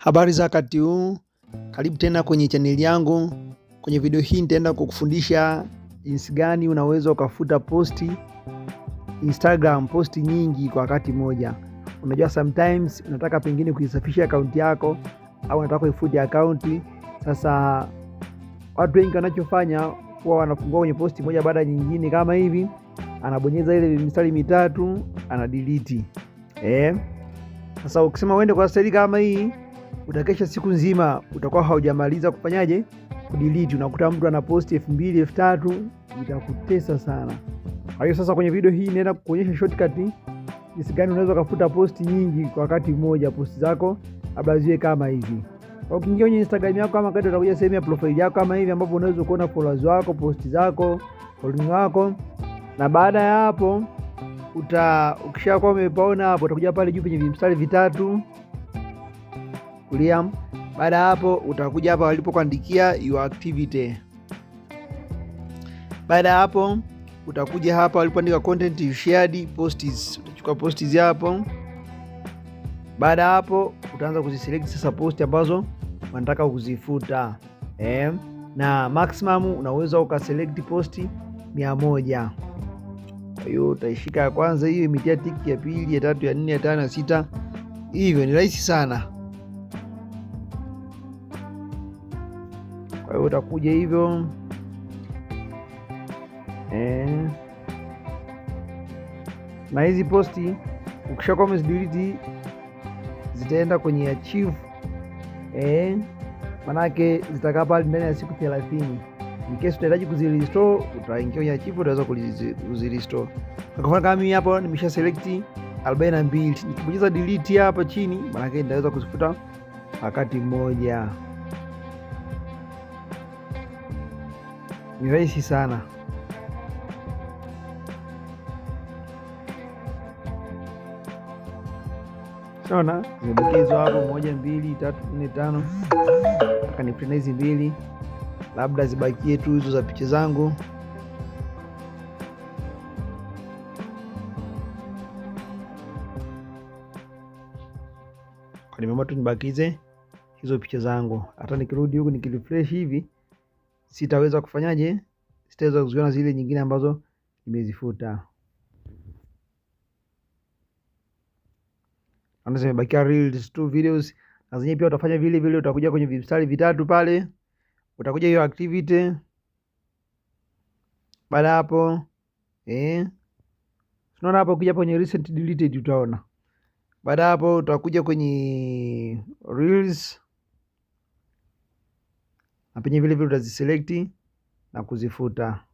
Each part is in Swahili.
Habari za wakati huu, karibu tena kwenye chaneli yangu. Kwenye video hii nitaenda kukufundisha jinsi gani unaweza ukafuta posti Instagram, posti nyingi kwa wakati mmoja. Unajua, sometimes unataka pengine kuisafisha akaunti yako au unataka kuifuta akaunti. Sasa watu wengi wanachofanya huwa wanafungua kwenye posti moja baada ya nyingine kama hivi, anabonyeza ile mistari mitatu, ana delete eh. Sasa ukisema uende kwa staili kama hii utakesha siku nzima, utakuwa haujamaliza kufanyaje kudelete. Unakuta mtu ana posti elfu mbili elfu tatu itakutesa sana. Kwa hiyo sasa, kwenye video hii naenda kuonyesha shortcut jinsi gani unaweza ukafuta posti nyingi kwa wakati mmoja, posti zako labda ziwe kama hivi. Ukiingia kwenye Instagram yako ama kati, utakuja sehemu ya profile yako kama hivi, ambapo unaweza kuona followers wako, posti zako, following wako, na baada ya hapo uta ukishakuwa umepaona hapo, utakuja pale juu penye vimstari vitatu William. Baada hapo utakuja hapa walipokuandikia your activity. Baada hapo utakuja hapa walipoandika content you shared posts, utachukua posts hapo. Baada hapo utaanza kuziselect sasa post ambazo unataka kuzifuta eh, na maximum unaweza ukaselect post 100 hiyo utaishika ya kwanza hiyo, imetia tiki ya pili, ya tatu, ya nne, ya tano, ya sita. Hivyo ni rahisi sana. itakuja hivyo e. Na hizi posti ukisha kwa umezidelete zitaenda kwenye achieve eh, Manake zitakaa pale ndani ya siku 30. In case utahitaji kuzirestore, utaingia kwenye achieve, utaweza kuzirestore. Kwa mfano kama mimi hapo nimesha select 42, nikibonyeza delete hapa chini, manake nitaweza kuzifuta wakati mmoja. ni rahisi sana. Naona zimebukizwa hapo moja, mbili, tatu, nne, tano. Akaniprint hizi mbili, labda zibakie tu hizo za picha zangu. Nimeamua tu nibakize hizo picha zangu. Hata nikirudi huku nikirefresh hivi sitaweza kufanyaje, sitaweza kuziona zile nyingine ambazo nimezifuta. Naona zimebakia reels tu, videos na zenye pia utafanya vile vile, utakuja kwenye vistari vitatu pale, utakuja hiyo activity. Baada hapo eh, tunaona hapo, ukija kwenye recent deleted utaona. Baada hapo utakuja kwenye reels na penye vile vile utaziselekti na kuzifuta.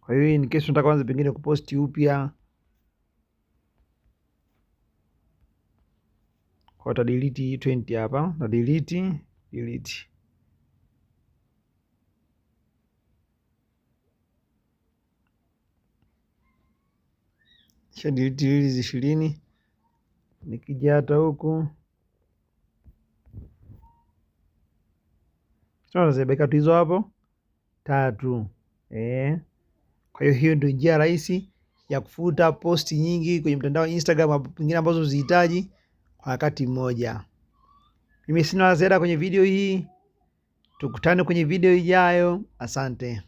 Kwa hiyo ni kesho unataka kwanza pengine kuposti upya, kwa delete 20 hapa na delete delete kisha delete hizi ishirini nikija hata huku Tunaona zimebakatu hizo hapo tatu eh. Kwa hiyo hiyo ndio njia rahisi ya kufuta posti nyingi kwenye mtandao wa Instagram pengine ambazo uzihitaji kwa wakati mmoja. Mimi sina la ziada kwenye video hii, tukutane kwenye video ijayo. Asante.